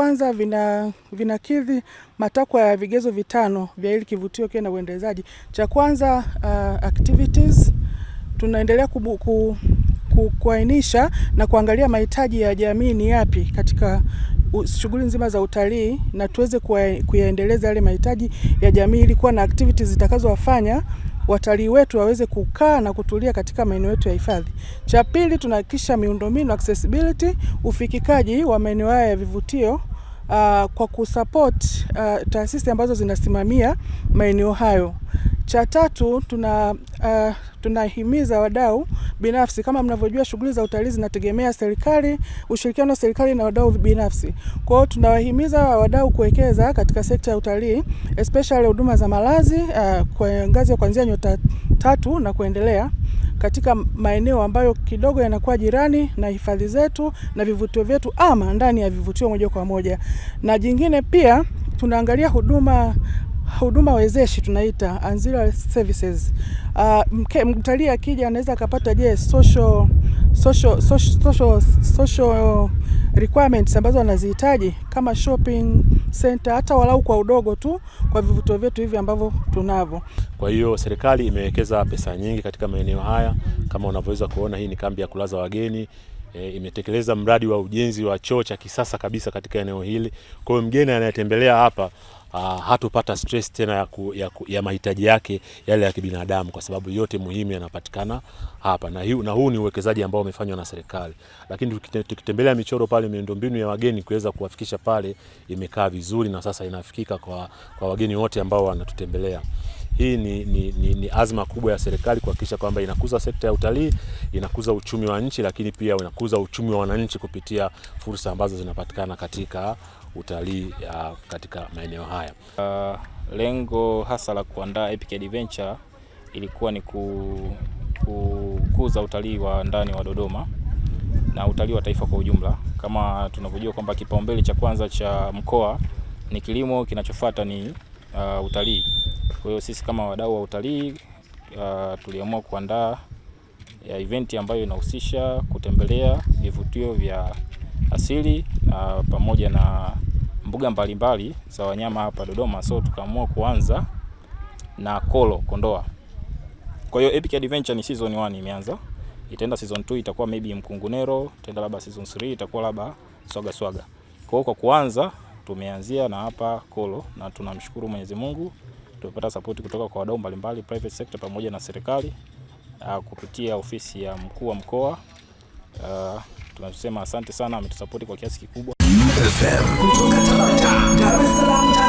Kwanza vina vinakidhi matakwa ya vigezo vitano vya ili kivutio kiwe na uendelezaji. Cha kwanza uh, activities tunaendelea kubu, ku, ku, kuainisha na kuangalia mahitaji ya jamii ni yapi katika shughuli nzima za utalii na tuweze kuyaendeleza yale mahitaji ya jamii ili kuwa na activities zitakazowafanya watalii wetu waweze kukaa na kutulia katika maeneo yetu ya hifadhi. Cha pili tunahakikisha miundombinu accessibility, ufikikaji wa maeneo haya ya vivutio uh, kwa kusupport uh, taasisi ambazo zinasimamia maeneo hayo. Cha tatu tuna uh, tunahimiza wadau binafsi. Kama mnavyojua, shughuli za utalii zinategemea serikali, ushirikiano wa serikali na wadau binafsi. Kwa hiyo tunawahimiza wadau kuwekeza katika sekta ya utalii, especially huduma za malazi uh, kwa ngazi ya kuanzia nyota tatu na kuendelea katika maeneo ambayo kidogo yanakuwa jirani na hifadhi zetu na vivutio vyetu ama ndani ya vivutio moja kwa moja. Na jingine pia tunaangalia huduma huduma wezeshi tunaita ancillary services. Uh, mtalii akija anaweza akapata je, social social, social, social requirements ambazo wanazihitaji kama shopping center, hata walau kwa udogo tu kwa vivutio vyetu hivi ambavyo tunavyo. Kwa hiyo serikali imewekeza pesa nyingi katika maeneo haya, kama unavyoweza kuona, hii ni kambi ya kulaza wageni. E, imetekeleza mradi wa ujenzi wa choo cha kisasa kabisa katika eneo hili. Kwa hiyo mgeni anayetembelea hapa uh, ah, hatopata stress tena ya, ku, ya, ku, ya mahitaji yake yale ya kibinadamu, kwa sababu yote muhimu yanapatikana hapa na, hiu, na huu ni uwekezaji ambao umefanywa na serikali. Lakini tukitembelea michoro pale, miundombinu ya wageni kuweza kuwafikisha pale imekaa vizuri na sasa inafikika kwa, kwa wageni wote ambao wanatutembelea. Hii ni, ni, ni, ni azma kubwa ya serikali kuhakikisha kwamba inakuza sekta ya utalii, inakuza uchumi wa nchi, lakini pia inakuza uchumi wa wananchi kupitia fursa ambazo zinapatikana katika utalii katika maeneo haya. Uh, lengo hasa la kuandaa Epic Adventure ilikuwa ni kukuza utalii wa ndani wa Dodoma na utalii wa taifa kwa ujumla. Kama tunavyojua kwamba kipaumbele cha kwanza cha mkoa ni kilimo, kinachofuata ni uh, utalii. Kwa hiyo sisi kama wadau wa utalii uh, tuliamua kuandaa ya uh, eventi ambayo inahusisha kutembelea vivutio vya asili na uh, pamoja na mbuga mbalimbali mbali za wanyama hapa Dodoma, so tukaamua kuanza na Kolo Kondoa. Kwa hiyo Epic Adventure ni season 1 imeanza, itaenda season 2 itakuwa maybe Mkungunero, itaenda labda season 3 itakuwa labda Swaga Swaga. Kwa hiyo kwa kuanza tumeanzia na hapa Kolo na tunamshukuru Mwenyezi Mungu tumepata support kutoka kwa wadau mbalimbali private sector pamoja na serikali ah, kupitia ofisi ya mkuu wa mkoa. Uh, tunasema asante sana, ametusapoti kwa kiasi kikubwa. FM kutoka Talanta, Dar es Salaam,